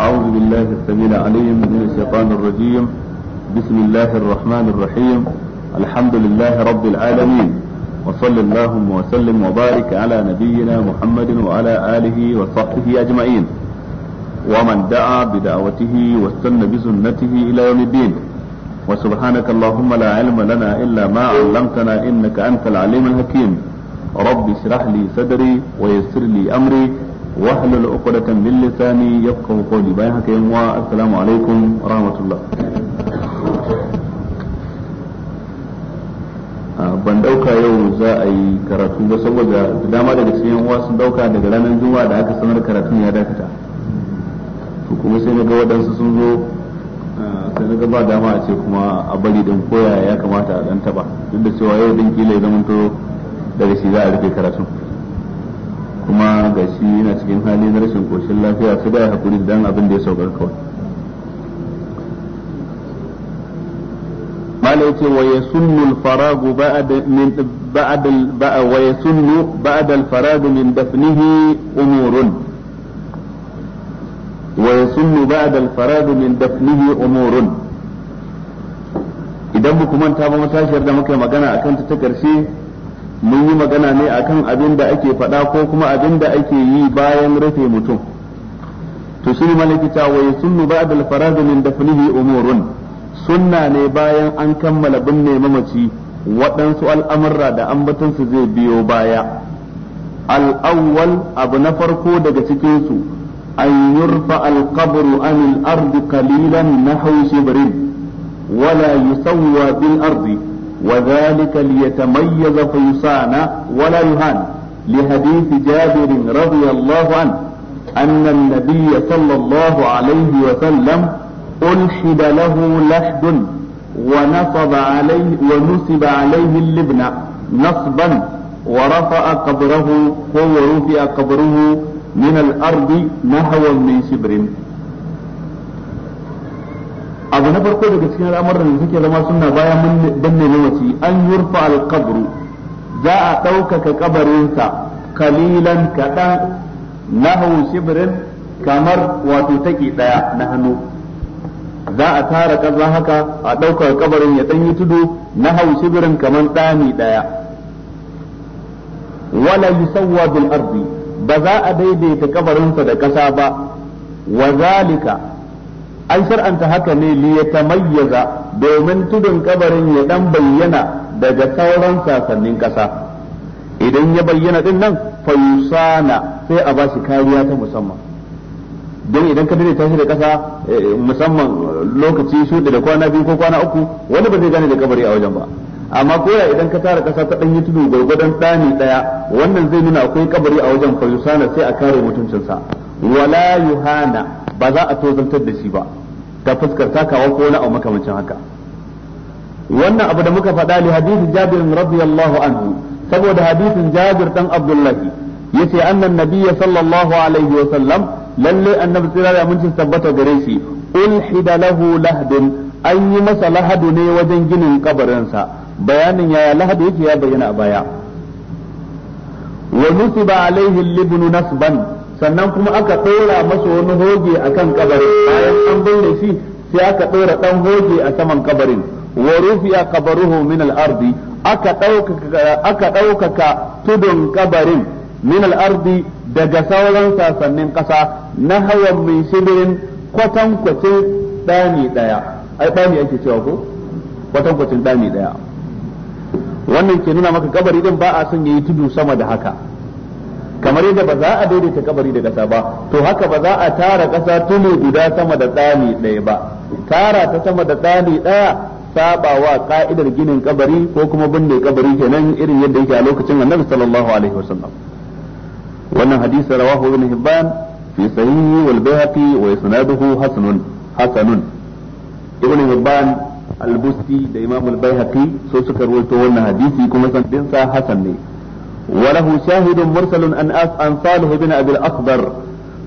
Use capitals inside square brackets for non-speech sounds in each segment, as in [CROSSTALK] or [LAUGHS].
أعوذ بالله السميع العليم من الشيطان الرجيم بسم الله الرحمن الرحيم الحمد لله رب العالمين وصلى اللهم وسلم وبارك على نبينا محمد وعلى آله وصحبه أجمعين ومن دعا بدعوته واستنى بسنته إلى يوم الدين وسبحانك اللهم لا علم لنا إلا ما علمتنا إنك أنت العليم الحكيم رب اشرح لي صدري ويسر لي أمري da uqdatan min lisani yafqahu qawli bayan haka yan wa assalamu alaikum rahmatullah ah, ban dauka yau za a yi karatu ba saboda dama daga cikin yan sun dauka daga ranar juma'a da aka sanar karatun ya dakata to kuma sai na ga waɗansu sun zo ah, sai na ga ba dama a ce kuma a bari din koya ya kamata a danta ba duk da cewa yau din kila ya zamanto daga shi za a rufe karatun kuma ga shi yana cikin hali na rashin koshin lafiya sai hakuri dan abin da ya saukar kawai malai yace wa yasunnu al-faragu min ba'a wa yasunnu al-faragu min dafnihi umurun wa yasunnu ba'da al-faragu min dafnihi umurun idan ba ku manta ba matashiyar da muka yi magana akan ta ta karshe mun yi magana ne a kan abin da ake faɗa ko kuma abin da ake yi bayan rufe mutum to shi ne malaki ta wai sunnu ba'da al faraz min dafnihi umurun sunna ne bayan an kammala binne mamaci waɗansu al'amurra da ambatan su zai biyo baya al-awwal abu na farko daga cikin su an yurfa al qabr an al ard qalilan nahwa shibrin wala yusawwa bil ardi وذلك ليتميز فيصان ولا يهان لحديث جابر رضي الله عنه أن النبي صلى الله عليه وسلم ألحد له لحد ونصب عليه ونصب عليه اللبن نصبا ورفع قبره هو رفع قبره من الأرض نحو من شبر abu na farko daga cikin al'amuran da suke zama suna bayan mun danne mamaci an yurfa al-qabru za a ɗaukaka kabarinsa kalilan kaɗan nahu shibrin kamar wato taki ɗaya na hannu za a tara ƙasa haka a ɗaukar kabarin ya ɗanyi tudu nahu shibrin kamar ɗani ɗaya wala yusawwa bil ardi ba za a daidaita kabarinsa da ƙasa ba wa zalika an shar'anta haka ne li ya tamayyaza domin tudun kabarin ya dan bayyana daga sauran sasannin kasa idan ya bayyana din nan fa sai a bashi kariya ta musamman don idan ka dade tashi da kasa eh, musamman lokaci su da kwana biyu ko kwana uku wani ba zai gane da kabari a wajen ba amma koya idan ka tara kasa ta danyi tudu gwargwadon ɗani ɗaya wannan zai nuna akwai kabari a wajen fa sai a kare mutuncinsa wala yuhana ba za a tozantar da shi ba ta fuskar takawa ko wani abu makamancin haka wannan abu da muka faɗa li hadisin Jabir radiyallahu anhu saboda hadisin Jabir dan Abdullah yace annan nabiyya sallallahu alaihi wa sallam lalle annabi tsira da mun tabbata gare shi ulhida lahu lahdun an yi masa lahadu ne wajen ginin kabarinsa bayanin yaya lahadu yake ya bayyana a baya wa nusiba alaihi libnu nasban sannan kuma aka ɗora masa wani hoge kan kabarin bayan an binne shi sai aka ɗora ɗan hoge a saman kabarin wa rufiya kabaruhu min al-ardi aka ɗaukaka aka ɗaukaka tudun kabarin min al-ardi daga sauran sassanin ƙasa na hawan min shibirin kwatankwacin ɗani ɗaya ai ɗani ake cewa ko kwatankwacin ɗani ɗaya wannan ke nuna maka kabari din ba a son yayi tudu sama da haka kamar yadda ba za a daidaita kabari da ƙasa ba to haka ba za a tara ƙasa tuni guda sama da tsani ɗaya ba tara ta sama da tsani ɗaya sabawa ka'idar ginin kabari ko kuma binne kabari kenan irin yadda yake a lokacin annabi sallallahu alaihi wasallam wannan hadisi rawahu ibn hibban fi sahihi wal bayhaqi wa isnaduhu hasanun hasanun ibn hibban al-busti da imam al-bayhaqi so suka rawaito wannan hadisi kuma san sanadinsa hasan ne وله شاهد مرسل أن أن صالح بن أبي الأخضر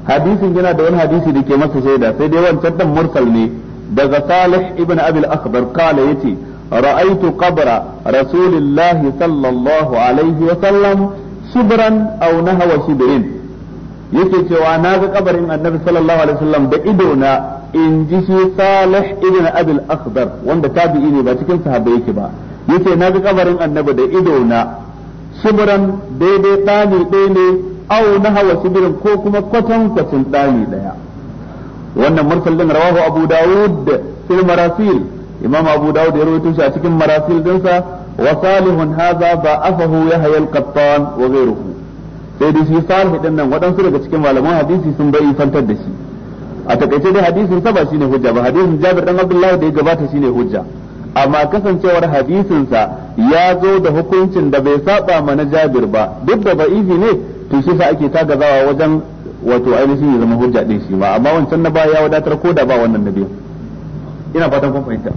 حديث جنا دون حديث دي كما سيدا سيدي وان تدم مرسل ني دغ صالح ابن أبي الأخضر قال يتي رأيت قبر رسول الله صلى الله عليه وسلم شبرا أو نهو شبرين yake cewa na ga kabarin annabi sallallahu alaihi wasallam da ido na in ji shi salih ibn abul akhdar wanda tabi'i ne ba cikin sahabbai yake ba yace na ga kabarin annabi da ido na shibiran daidai tsani ɗaya ne au na hawa shibirin ko kuma kwatan kwacin tsani ɗaya wannan mursalin rawahu abu dawud fil marasil imam abu dawud ya rubuta shi a cikin marasil sa wa salihun hadha afahu yahya al-qattan wa ghayruhu sai dai shi salih din nan wadansu daga cikin malaman hadisi sun bai fantar da shi a takaice dai hadisin sa ba shine hujja ba hadisin Jabir dan abdullahi da ya gabata shine hujja amma kasancewar hadisinsa ya zo da hukuncin da bai saba mana jabir ba duk da ba'ifi ne to shi sa ake tagazawa wajen wato ainihin ya zama hujja din shi ma amma wancan na baya ya wadatar ko da ba wannan na biyu ina fatan kun fahimta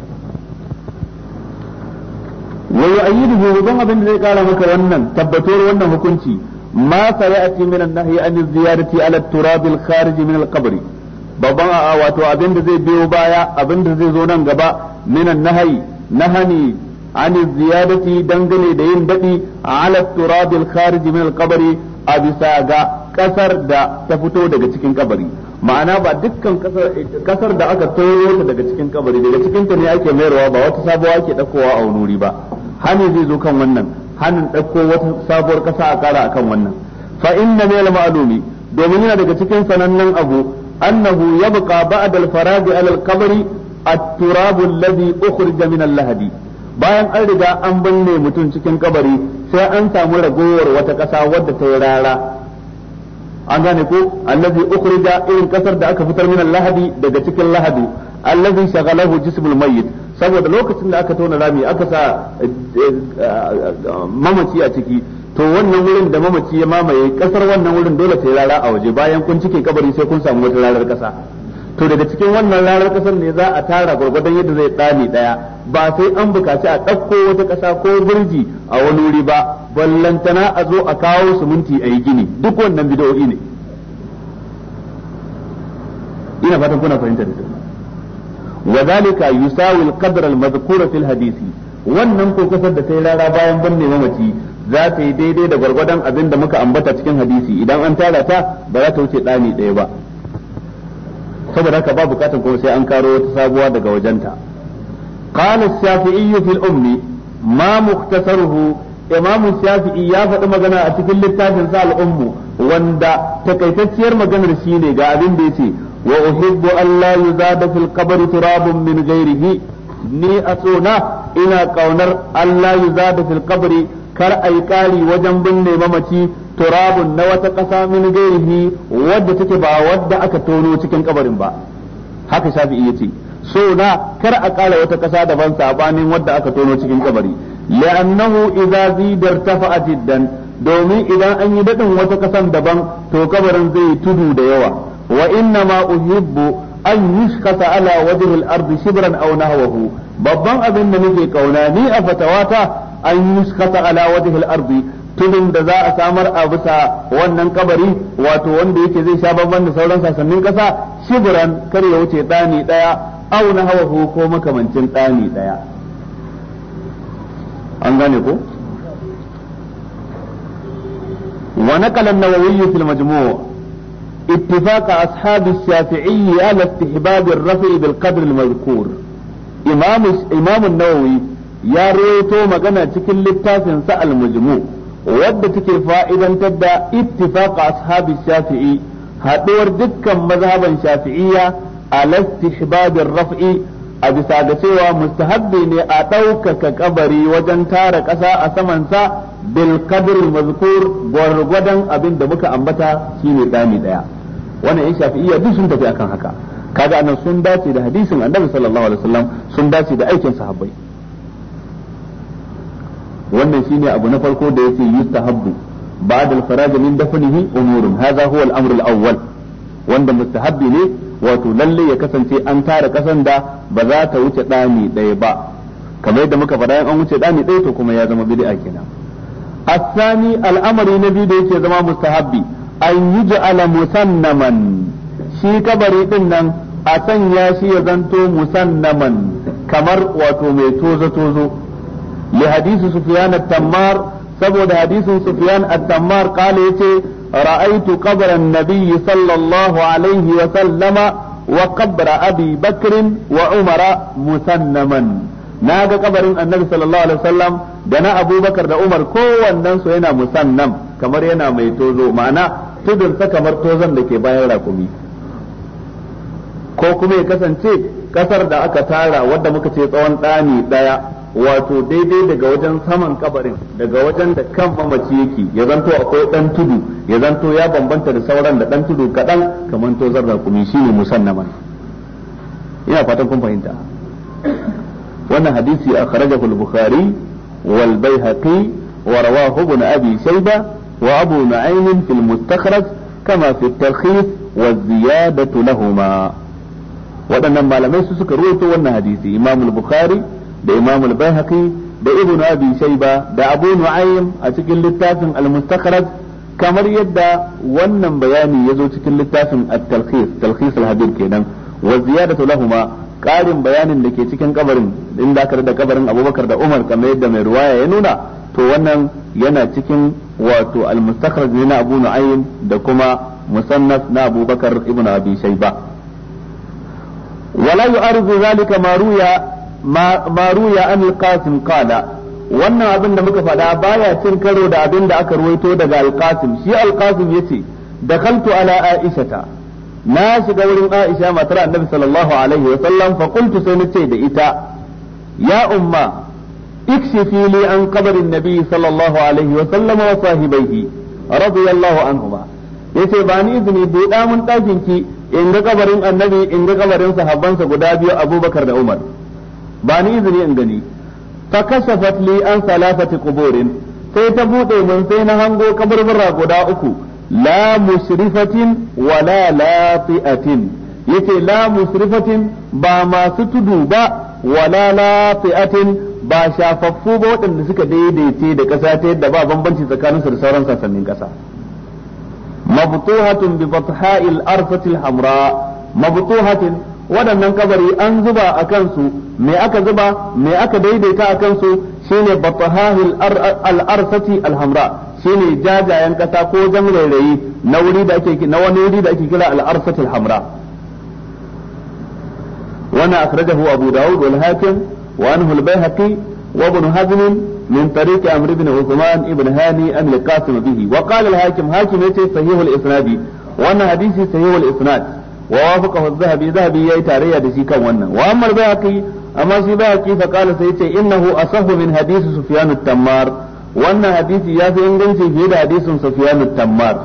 wa yu'ayyidu bi abin da zai kara maka wannan tabbatar wannan hukunci ما سيأتي an ziyarati ala turab al-kharij min al-qabr babban a wato abin da zai biyo baya abin da zai zo nan gaba min an na nahani an ziyadati dangane da yin dadi a turab al-kharij min al-qabri a bisa ga kasar da ta fito daga cikin kabari ma'ana ba dukkan kasar da aka toyo daga cikin kabari daga cikin ta ne ake mayarwa ba wata sabuwa ake dakowa a wuri ba hani zai zo kan wannan hanin dauko wata sabuwar kasa a kara akan wannan fa inna mil ma'lumi domin yana daga cikin sanannen abu annahu yabqa ba'da al-farag ala al-qabri at-turabu alladhi ukhrija min lahadi bayan an riga an banne mutum cikin kabari sai an samu ragowar wata ƙasa wadda ta yi rara an gane ko allazi ukhrija irin kasar da aka fitar min lahadi daga cikin lahadi allazi shagalahu jismul mayyit saboda lokacin da aka tona rami aka sa mamaci a ciki to wannan wurin da mamaci ya mamaye kasar wannan wurin dole ta yi rara a waje bayan kun cike kabari sai kun samu wata rarar kasa to daga cikin wannan ranar kasar ne za a tara gwargwadon yadda zai tsani daya ba sai an bukaci a ɗauko wata ƙasa ko birji a wani wuri ba ballantana a zo a kawo suminti a yi gini duk wannan bidowi ne ina fatan kuna fahimta da wa zalika yusawi al fil hadisi wannan ko kasar da sai rara bayan binne mamaci za ta yi daidai da gwargwadon abin da muka ambata cikin hadisi idan an tara ta ba za ta wuce ɗani ɗaya ba saboda haka ba bukatan kuma sai an karo wata sabuwa daga wajenta qala shafi'i fil ummi ma mukhtasaruhu imam shafi'i ya faɗi magana a cikin littafin sa al ummu wanda takaitacciyar maganar shine ga abin da yace wa uhibbu an la yuzada fil qabri turabun min ghairihi ni a tsona ina kaunar Allah ya zada fil qabri kar a yi ƙari wajen binne mamaci turabun na wata ƙasa min gairihi wadda take ba wadda aka tono cikin kabarin ba haka shafi'i yace so na kar a ƙara wata ƙasa daban sabanin wadda aka tono cikin kabari li'annahu idza zidar tafa'a jiddan domin idan an yi dadin wata ƙasan daban to kabarin zai tudu da yawa wa inna ma uhibbu an yushkata ala wajhi al-ardi shibran aw nahwahu babban abin da nake kauna ni a fatawata an yushkata ala wajhi al-ardi tudun da za a samar a bisa wannan kabari wato wanda yake zai sha babban da sauran sasannin kasa shibran kar ya wuce dani daya aw nahwahu ko makamancin dani daya an gane ko ونقل النووي في المجموع اتفاق أصحاب الشافعي على استحباب الرفع بالقدر المذكور إمام إمام النووي يا رويتو مغنى تكل للتاسن سأل wadda take fa'idantar da ittifaq ashabi shafi'i haɗuwar dukkan mazhaban shafi'iyya a lastihbabin raf'i a bisa ga cewa mustahabbi ne a ɗaukaka ƙabari wajen tara ƙasa a saman sa qadr mazkur gwargwadon abinda muka ambata shine dami ɗaya. wannan ya shafi'iyya duk sun tafi akan haka kaga anan sun dace da hadisin annabi sallallahu alaihi wasallam sun dace da aikin sahabbai wannan shine abu na farko da yake yustahabbu ba'da al-faraj min dafnihi umurun hadha huwa al-amr al-awwal wanda mustahabbi ne wato lalle ya kasance an tara kasan da ba za ta wuce dani daya ba kamar yadda muka faɗa an wuce dani daya to kuma ya zama bid'a kenan الثاني الأمر النبي ده يزما مستحبي an yi ja'ala musannaman shi kabari din nan a sanya shi ya zanto musannaman kamar wato mai tozo tozo li hadisi sufyan at-tammar saboda hadisin sufyan at-tammar kale yace ra'aitu qabran nabiyyi sallallahu alaihi wa sallama wa qabra abi bakrin wa umara musannaman na ga kabarin annabi sallallahu alaihi wasallam da na abubakar da umar kowannen su yana musannam kamar yana mai tozo ma'ana tudun kamar tozon da ke bayan rakumi ko kuma ya kasance kasar da aka tara wadda muka ce tsawon ɗani ɗaya wato daidai daga wajen saman kabarin daga wajen da kan mamaci yake ya zanto akwai ɗan tudu ya zanto ya bambanta da sauran da ɗan tudu kaɗan kamar tozon rakumi shine mana ina fatan kun fahimta wannan hadisi a kharajahul bukhari wal bayhaqi wa rawahu ibn abi shayba وأبو نعيم في المستخرج كما في التلخيص والزيادة لهما waɗannan malamai su suka ruwaito wannan hadisi imam bukhari da imamul al-baihaqi da ibnu abi shayba da abu nu'aym a cikin littafin al-mustakhraj kamar yadda wannan bayani ya zo cikin littafin at-talkhis talkhis talkhis kenan wa da tulahuma ƙarin bayanin da ke cikin kabarin inda da kabarin abubakar da umar kamar yadda mai ruwaya ya nuna to wannan yana cikin wato al-mustakhraj na Abu Nu'aym da kuma musannaf na Abu Bakar ibn Abi Shayba wala yu'aridu zalika ma ruya ma ruya an al-Qasim qala wannan abin da muka faɗa baya cin karo da abin da aka ruwaito daga al-Qasim shi al-Qasim yace dakhaltu ala Aisha na shiga wurin Aisha matar Annabi sallallahu alaihi wa sallam fa qultu sai nace da ita ya umma اكشفي لي عن قبر النبي صلى الله عليه وسلم وصاحبيه رضي الله عنهما yace ba ni izini buɗa mun ɗakin ki in ga kabarin annabi in ga kabarin sahabbansa guda biyu abubakar da umar ba ni izini in gani fa kashafat li an salafati quburin sai ta buɗe mun sai na hango kabarbara guda uku la musrifatin wala lati'atin yace la musrifatin ba masu tudu ba wala lati'atin ba shafaffu ba waɗanda suka daidaice da ƙasa ta yadda ba bambanci tsakanin su da sauran sassanin ƙasa mabtuhatun bi batha'il arfatil hamra mabtuhatin waɗannan kabari an zuba a kansu me aka zuba me aka daidaita a kansu shine bathahil al-arsati al-hamra shine jajayen ƙasa ko jan na wuri da ake na wani wuri da ake kira al-arsati al-hamra wannan akhrajahu abu daud wal hakim وأنه البيهقي وابن هزم من طريق عمرو بن عثمان بن هاني عن القاسم به وقال الحاكم حاكم يتي صحيح الإسناد وأن حديثي صحيح الإسناد ووافقه الذهبي ذهبي يأي تاريا دسيكا وانا وأما البيهقي أما شي بيهقي فقال سيتي إنه أصح من حديث سفيان التمار وأن حديثي يافي إنجنسي في حديث سفيان التمار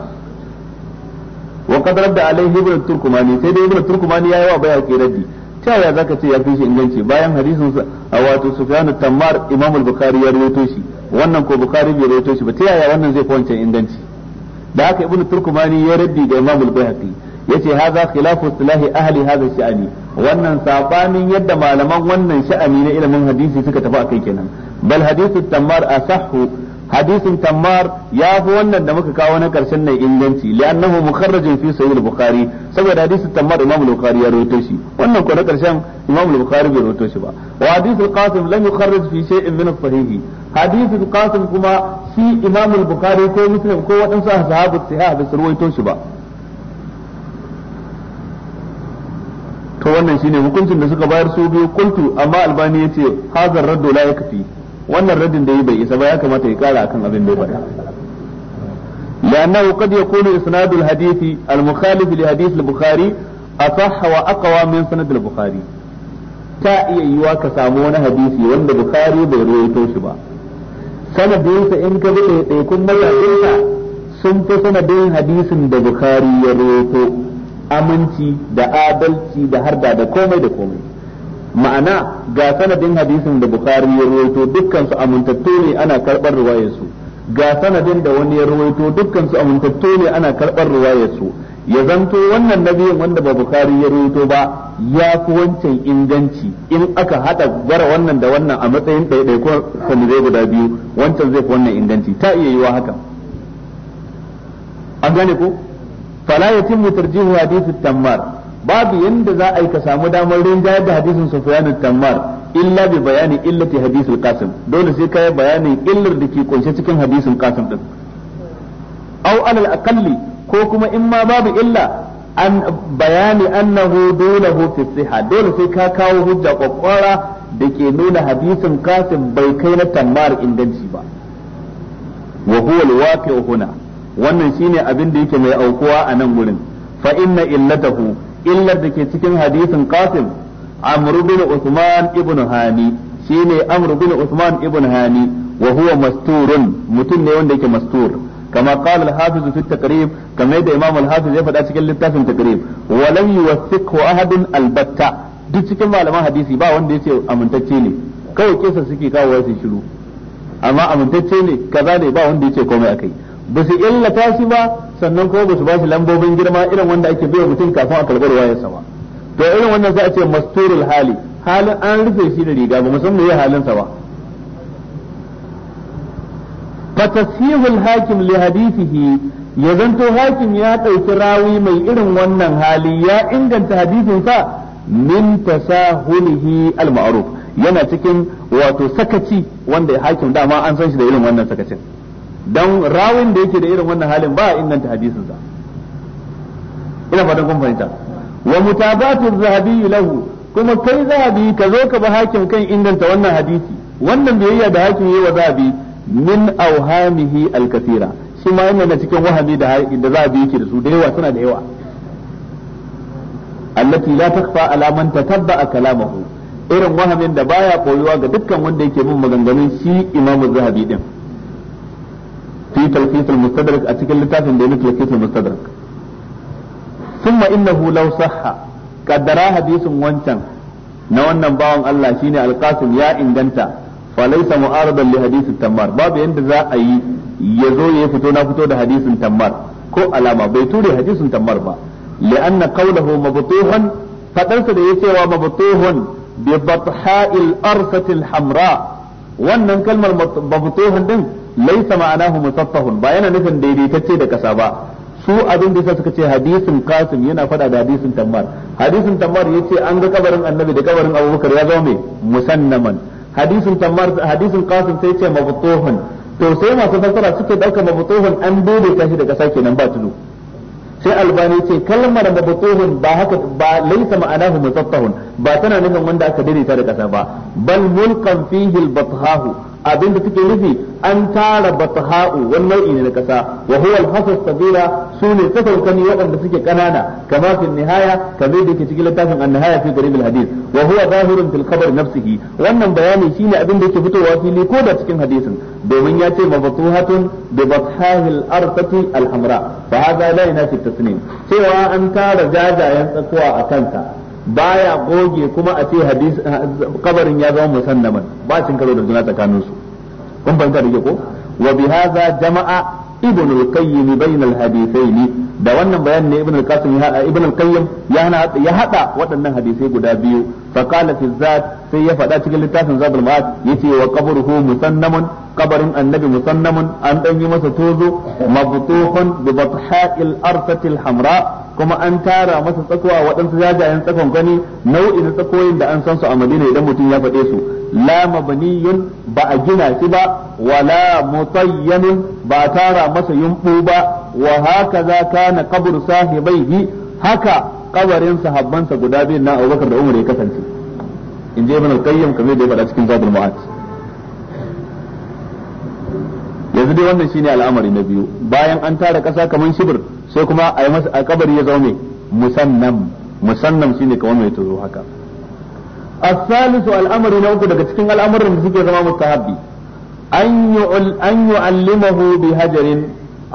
وقد رد عليه ابن التركماني سيدي ابن التركماني يا بيهقي ردي ta ya zaka ce ya fi shi inganci bayan hadisin a wato sufyan tammar imam al-bukhari ya rawaito shi wannan ko bukhari bai rawaito shi ba ta yaya wannan zai fi wancan inganci da haka Ibn turkumani ya raddi ga imam al-bayhaqi yace hadha khilafu istilahi ahli hadha sha'ani wannan sabanin yadda malaman wannan sha'ani na ilimin hadisi suka tafi akai kenan bal hadithu tammar asahhu hadisin tammar ya fi wannan da muka kawo na karshen nan inganci li'annahu mukharrajin fi sahih al-bukhari saboda hadisin tammar imam al-bukhari ya rawaito shi wannan ko na karshen imam al-bukhari bai rawaito shi ba wa hadisul Kasim lan yukharraj fi shay'in min as-sahih hadisul qasim kuma shi imam al-bukhari ko muslim ko waɗansu wadansu sahabu sahih bai rawaito shi ba to wannan shine hukuncin da suka bayar su biyu kultu amma albani ya yace hazar raddu la yakfi wannan radin da yi bai isa ba ya kamata ya kara akan abin da ya faɗa لأنه قد يكون da الحديث المخالف a البخاري أصح وأقوى من سند البخاري ta iya yiwa ka samu wani hadisi wanda bukari bai ruwaito shi ba sanadinsa in ka bi ɗaiɗaikun mazaɗinsa sun fi sanadin hadisin da bukari ya ruwaito aminci da adalci da harda da komai da komai ma'ana ga sanadin hadisin da bukhari ya rawaito dukkan su amintattu ne ana karbar riwayar su ga sanadin da wani ya rawaito dukkan su amintattu ne ana karbar riwayar su ya zanto wannan nabiyin wanda ba bukhari ya rawaito ba ya fi wancan inganci in aka hada gara wannan da wannan a matsayin ɗaiɗaikon zai guda biyu wancan zai fi wannan inganci ta iya yiwa haka an gane ko fala yatimmu tarjihu hadithu tammar babu yanda za a yi ka samu damar rinjayar da hadisin sufyan tamar illa bi bayani illati hadisul qasim dole sai kai bayanin illar da ke kunshe cikin hadisin qasim din aw alal aqalli ko kuma in ma babu illa an bayani annahu dulahu fi siha dole sai ka kawo hujja kwakwara da ke nuna hadisin qasim bai kai na tammar inganci ba wa huwa alwaqi'u huna wannan shine abin da yake mai aukuwa a nan gurin fa inna illatahu illar da ke cikin hadisin qasim amr bin usman ibn hani shine amr bin usman ibn hani wa huwa masturun mutum ne wanda yake mastur كما قال الحافظ في التقريب كما يدى إمام الحافظ littafin أشكال للتاف التقريب ولم يوثقه أحد البتة duk cikin malaman hadisi ba wanda yace amintacce ne kawai kisa suke kawo su shiru amma amintacce ne kaza ba wanda yace komai akai ba su illata shi ba sannan kuma ba su ba shi lambobin girma irin wanda ake biya mutum kafin a karɓar wayarsa ba to irin wannan za a ce masturul hali halin an rufe shi da riga ba musamman ya halinsa ba fatasihul hakim li hadithihi ya zanto hakim ya ɗauki rawi mai irin wannan hali ya inganta hadisinsa min tasahulihi al-ma'ruf yana cikin wato sakaci wanda hakim dama an san shi da irin wannan sakacin don rawin da yake da irin wannan halin ba a inganta hadisinsa ina fatan kun fahimta wa mutabatu zahabi lahu kuma kai zahabi ka zo ka bi hakim kan inganta wannan hadisi wannan biyayya da hakim yi wa zahabi min auhamihi alkasira shi ma yana da cikin wahami da da zahabi yake da su da yawa suna da yawa allati la takfa ala man tatabba kalamahu irin wahamin da baya koyuwa ga dukkan wanda yake bin maganganun shi imamu zahabi din fi talqisul mustadrak a cikin littafin da ya talqisul mustadrak innahu law sahha hadisin wancan na wannan bawan Allah shine alqasim ya inganta fa laysa mu'aridan li babu yanda za a yi ya zo ya fito na fito da hadisin tammar ko alama bai ture hadisin tammar ba li'anna qawluhu mabtuhan da ya cewa hamra wannan kalmar mabtuhan din laisa ma'anahu musaffahun ba yana nufin daidaitacce da kasa ba su abin da suka ce hadisin qasim yana fada da hadisin tammar hadisin tammar ce an ga kabarin annabi da kabarin abubakar ya zama mai musannaman hadisin tammar hadisin qasim sai yace mabtuhun to sai masu fassara suke dauka mabtuhun an dole shi da kasa kenan ba tudu sai albani ce kalmar mabtuhun ba haka ba laysa ma'anahu mutattahun ba tana nufin wanda aka daidaita da kasa ba bal mulkan fihi al-bathahu abinda take nufi an tara batha'u wani nau'i ne na kasa wa huwa al-hasas sabira sune sakankani waɗanda suke kanana kama fi nihaya kamar da yake cikin littafin an-nihaya fi garib al-hadith wa huwa zahirun fil khabar nafsihi wannan bayani shine abin da yake fitowa fili ko da cikin hadisin domin ya ce mabatuhatun bi bathahil arfati alhamra fa hadha la yanafi tasnim cewa an tara jajayen tsakuwa a kanta baya goge kuma a ce hadis kabarin ya zama musannaman ba cin karo da juna tsakanin su kun fahimta da ko wa bi hadha jama'a ibn al-qayyim bain al da wannan bayanin ne ibn al-qasim ibn al-qayyim ya ya hada waɗannan hadisai guda biyu fa qala fi zat sai ya faɗa cikin littafin zabul ma'ad yace wa qabruhu musannamun qabarin annabi musannamun an dan yi masa tozo mabtuhun bi batha'il arsatil hamra kuma an tara masa tsakuwa waɗansu jajayen tsakon gani nau'in tsakoyin da an san su a Madina idan mutum ya faɗe su la mabniyun ba a gina shi ba wala mutayyanun ba tara masa yumbu ba wa haka za kana qabru sahibaihi haka kabarin sahabbansa guda biyun na Abubakar da Umar ya kasance in je mana qayyim kamar da ya faɗa cikin zadul ma'ad yanzu dai wannan shine al'amari na biyu bayan an tara ƙasa kamar shibir sai kuma a yi masa a kabari ya zama mai musannam musannam shine kamar mai turo haka الثالث الأمر نوكو دك تكين الأمر نزيك زما مستحبي أن أن يعلمه بهجر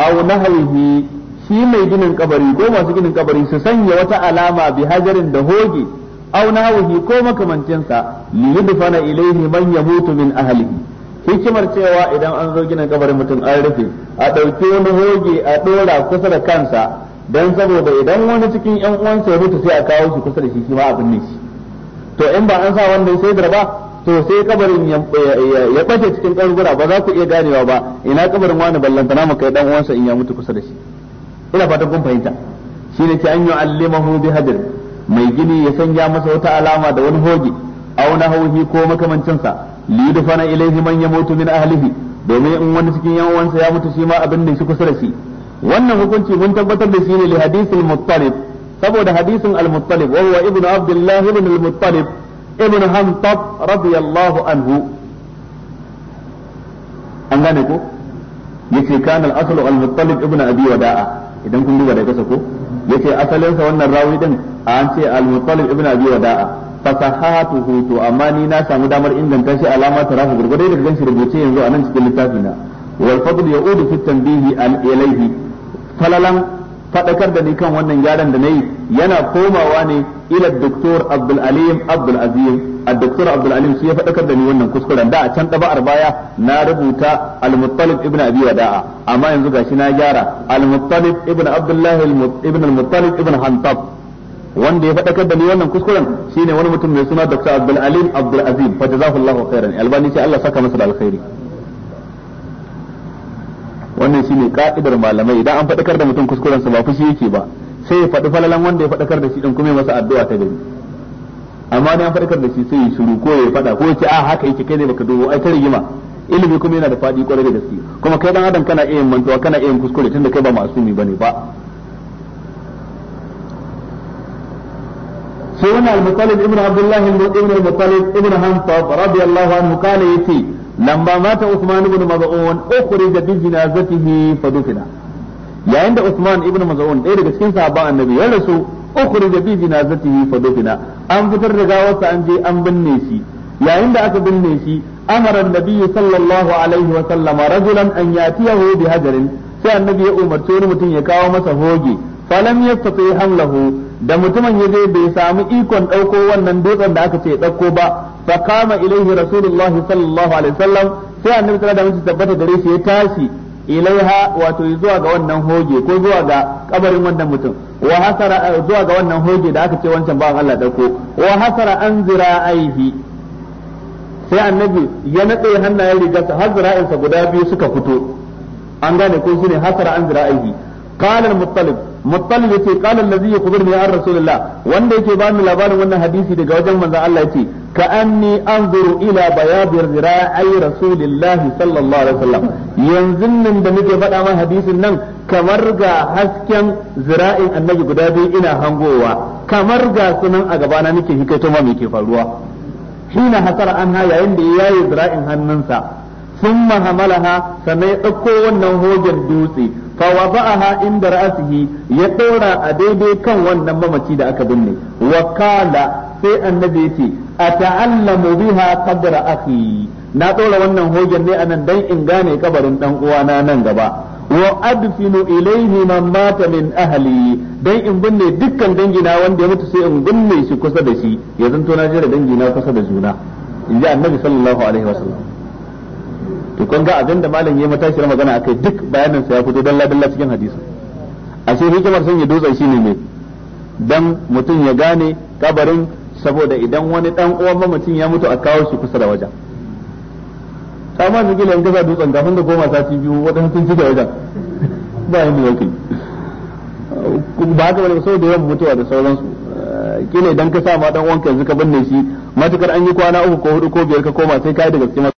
أو نهيه shi mai ginin kabari ko masu ginin kabari su sanya wata alama bi hajarin da hoge au ko makamancinsa li yudfana ilaihi man yamutu min ahlihi hikimar cewa idan an zo ginin kabarin mutum an rufe a ɗauke wani hoge a ɗora kusa da kansa don saboda idan wani cikin yan uwansa ya mutu sai a kawo shi kusa da shi shi ma abin ne shi to in ba an sa wanda ya shaidar ba to sai kabarin ya bace cikin kaburbura ba za ku iya ganewa ba ina kabarin wani ballantana mu kai dan uwansa in ya mutu kusa da shi ina fatan kun fahimta shine ce an allimahu bi hadr mai gini ya sanya masa wata alama da wani hoge aw hauhi ko makamancin sa li dufana ilayhi man yamutu min ahlihi domin in wani cikin yan uwansa ya mutu shi ma abin da shi kusa da shi wannan hukunci mun tabbatar da shi ne li hadithil muttalib saboda hadisin al-muttalib wa huwa ibnu abdullah ibn al-muttalib ibn hamtab radiyallahu anhu an gane ko yace kana al-aslu al-muttalib ibn abi wada'a idan kun duba da kasa ko yace asalin sa wannan rawi din an ce al-muttalib ibn abi wada'a fasahatuhu to amma ni na samu damar inganta shi alama ta rafu gurgurde da ganshi rubuce yanzu a nan cikin littafina wal fadl ya'udu fi tanbihi an ilayhi falalan faɗakar da ni kan wannan gyaran da na yi yana komawa ne ila doktor abdul alim abdul azim a doktor abdul alim shi ya faɗakar da ni wannan kuskuren da a can ɗaba'ar baya na rubuta al-muttalib ibn abi wada'a amma yanzu gashi na gyara al-muttalib ibn abdullahi ibn al-muttalib ibn hantab wanda ya faɗakar da ni wannan kuskuren shine wani mutum mai suna doktor abdul alim abdul azim khairan albani sai Allah saka masa da alkhairi wannan shine ka'idar malamai idan an fadakar da mutum kuskuren sa ba fushi yake ba sai ya faɗi falalan wanda ya faɗakar da shi din kuma ya masa addu'a ta gari amma ne an fadakar da shi sai ya shiru ko ya faɗa ko ya ce a ah, haka yake kai ne baka dubo ai ta rigima ilimi kuma yana da faɗi kwarai da gaske kuma kai dan adam kana iya mantuwa kana iya kuskure tunda kai ba masumi bane ba sai wannan al-Muttalib ibn Abdullah ibn al-Muttalib ibn Hanfab radiyallahu anhu kana yace لما مات عثمان بن مظعون أخرج بجنازته فدفن yayin da Usman ibn Maz'un ɗaya daga cikin sahabban annabi ya rasu ukhrija bi jinazatihi fa dufina an fitar da gawarsa an je an binne shi yayin da aka binne shi amara annabi sallallahu alaihi wa sallama rajulan an yatiyahu bi hajarin sai annabi ya umarci wani mutum ya kawo masa hoge falam yastati hamlahu da mutumin ya je bai samu ikon ɗauko wannan dutsen da aka ce ɗauko ba fa kama ilaihi rasulullah sallallahu alaihi wasallam sai annabi sallallahu alaihi wasallam tabbata gare shi ya tashi ilaiha wato zuwa ga wannan hoge ko zuwa ga kabarin wannan mutum wa hasara eh, zuwa ga wannan hoge da aka ce wancan ba Allah ɗauko wa hasara an zira'aihi sai annabi ya nade hannayen rigarsa har zira'insa guda biyu suka fito an gane ko shine hasara an zira'aihi qala al-muttalib muttalib yace qala allazi yakhbirni an rasulillah wanda yake ba mu labarin wannan hadisi daga wajen manzon Allah yace ka anni anzuru ila bayadir zira'i rasulillah sallallahu alaihi wasallam yanzu nan da nake faɗa ma hadisin nan kamar ga hasken zira'in annabi guda biyu ina hangowa kamar ga sunan a gabana nake hikaito ma me ke faruwa hina hasara anha yayin da yayi zira'in hannunsa Sun mahamalaha sannan ya ɗauko wannan hogen dutse fa wada'aha inda ra'asihi ya ɗora a daidai kan wannan mamaci da aka binne Wakala. sai annabi yace ata'allamu biha qadra akhi na ɗora wannan hogen ne a nan dan in gane kabarin uwa uwana nan gaba wa adfinu ilaihi man mata min ahli dan in binne dukkan dangina wanda ya mutu sai in binne shi kusa da shi yanzu to na jira dangina kusa da juna in ji annabi sallallahu alaihi wasallam kun ga abin da malam yayi matashi magana akai duk bayanin sa ya fito dalla dalla cikin hadisi ashe hikimar sanya dutsen shi ne dan mutum ya gane kabarin saboda idan wani dan uwan mamacin ya mutu a kawo shi kusa da wajen amma da gila in ka sa dutsen kafin da goma sati biyu wadansu sun cika wajen [LAUGHS] ba yin zaka yi ba haka bane saboda da yawan mutuwa da sauransu eh, kila idan ka sa ma dan uwanka yanzu ka binne shi matukar an yi kwana uku ko hudu ko biyar ka koma sai ka yi da gaske